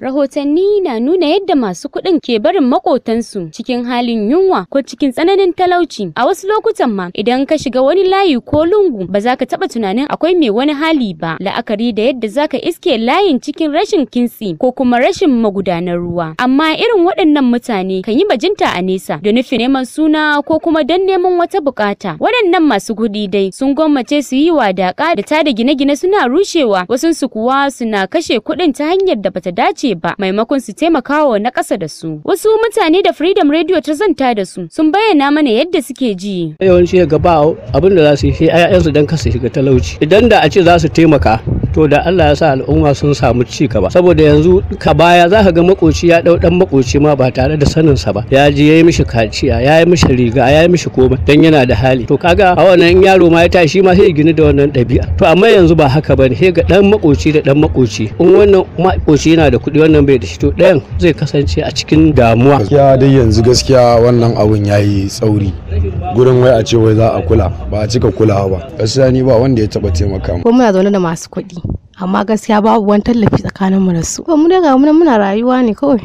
Rahotanni na nuna yadda masu kuɗin ke barin makotansu cikin halin yunwa ko cikin tsananin talauci. A wasu lokutan ma idan ka shiga wani layi ko lungu ba za ka taɓa tunanin akwai mai wani hali ba. La'akari da yadda za ka iske layin cikin rashin kintsi ko kuma rashin magudanar ruwa. Amma irin waɗannan mutane kan yi bajinta a nesa da nufin neman suna ko kuma don neman wata buƙata. Waɗannan masu kuɗi dai sun gwammace su yi wadaƙa da tada gine-gine suna rushewa wasunsu kuwa suna kashe kuɗin ta hanyar da bata dace suke ba maimakon su taimakawa na ƙasa da su. Wasu mutane da Freedom Radio ta zanta da su sun bayyana mana yadda suke ji. Yawanci ba abin da za su yi sai 'ya'yansu don kasa shiga talauci. Idan da a ce za su taimaka to da Allah ya sa al'umma sun samu ci gaba saboda yanzu ka baya za ka ga makoci ya dau dan makoci ma ba tare da sanin sa ba ya ji yayi mishi kaciya yayi mishi riga yayi mishi komai dan yana da hali to kaga a wannan yaro ma ya tashi ma sai gini da wannan ɗabi'a to amma yanzu ba haka ne. sai ga dan makoci da dan makoci in wannan makoci yana da kuɗi wannan bai da shi to ɗayan zai kasance a cikin damuwa gaskiya dai yanzu gaskiya wannan abun yayi tsauri gurin wai a ce wai za a kula ba a cika kulawa ba gaskiya ni ba wanda ya taba taimaka mu kuma zaune da masu kuɗi amma gaskiya babu wani tallafi tsakaninmu da su mu dai ga muna rayuwa ne kawai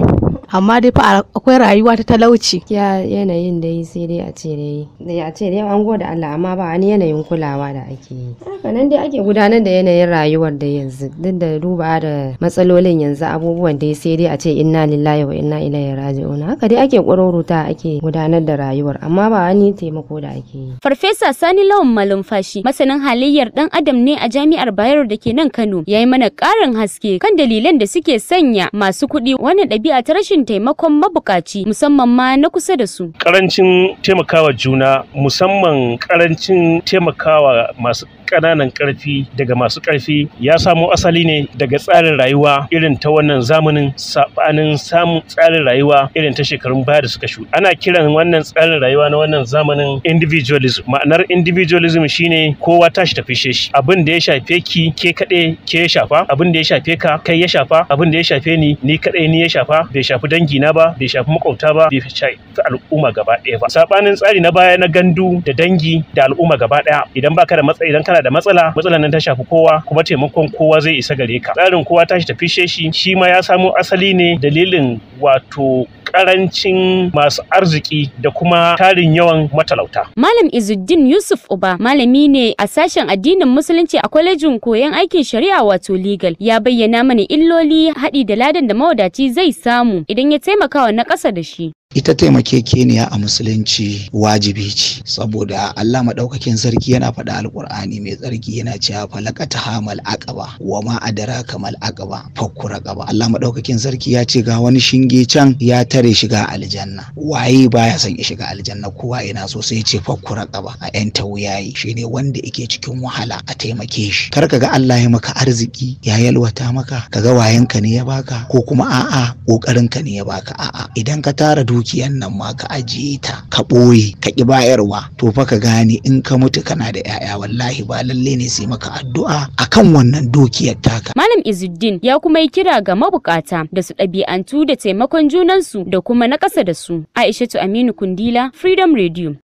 amma dai fa akwai rayuwa ta talauci ya yanayin dai sai dai a ce dai Da a ce dai an gode Allah amma ba wani yanayin kulawa da ake yi haka nan dai ake gudanar da yanayin rayuwar da yanzu duk da duba da matsalolin yanzu abubuwan da sai dai a ce inna lillahi wa inna ilaihi raji'un haka dai ake ta ake gudanar da rayuwar amma ba wani taimako da ake yi farfesa sani lawan malumfashi masanin halayyar dan adam ne a jami'ar bayero da ke nan kano ya yi mana ƙarin haske kan dalilan da suke sanya masu kuɗi wannan ɗabi'a ta rashin rashin taimakon mabukaci musamman ma na kusa da su. Karancin taimakawa juna musamman karancin taimakawa masu Kananan ƙarfi daga masu ƙarfi ya samo asali ne daga tsarin rayuwa irin ta wannan zamanin saɓanin samun tsarin rayuwa irin ta shekarun baya da suka shu ana kiran wannan tsarin rayuwa na wannan zamanin individualism ma'anar individualism shine kowa tashi tafi shi abin da ya shafe ki ke kaɗai ke ya shafa abin da ya shafe ka kai ya shafa abin da ya shafe ni ni kaɗai ni ya shafa bai shafi dangi na ba bai shafi makwabta ba bai shafi al'umma gaba ɗaya ba saɓanin tsari na baya na gandu da dangi da al'umma gaba ɗaya idan baka da matsayi idan kana da matsala matsalan nan ta shafi kowa kuma taimakon kowa zai isa gare ka tsarin kowa tashi ta fishe shi shi ma ya samo asali ne dalilin wato karancin masu arziki da kuma tarin yawan matalauta. Malam Izuddin Yusuf Uba malami ne a sashen addinin Musulunci a kwalejin koyon aikin shari'a wato legal ya bayyana mana illoli haɗi da ladan da mawadaci zai samu idan ya taimakawa na ƙasa da shi. ita taimake keniya a musulunci wajibi ce saboda Allah maɗaukakin sarki yana faɗa alƙur'ani mai tsarki yana cewa falakata hamal aqaba wa ma adara kamal aqaba fakkura qaba Allah maɗaukakin sarki ya ce ga wani shinge can ya tare shiga aljanna waye baya son ya shiga aljanna kowa yana so sai ce fakkura qaba a yan wuyayi shine wanda yake cikin wahala a taimake shi kar ka ga Allah ya maka arziki ya yalwata maka kaga wayenka ne ya baka ko kuma a'a kokarinka ne ya baka a'a idan ka tara dukiyan nan ma ka ajiye ta ka ɓoye ka ƙi bayarwa to fa ka gane in ka mutu kana da 'ya'ya wallahi ba lalle ne sai maka addu'a akan wannan dukiyar taka malam izuddin ya kuma yi kira ga mabukata da su ɗabi'antu da taimakon junansu da kuma na ƙasa da su aishatu aminu kundila freedom radio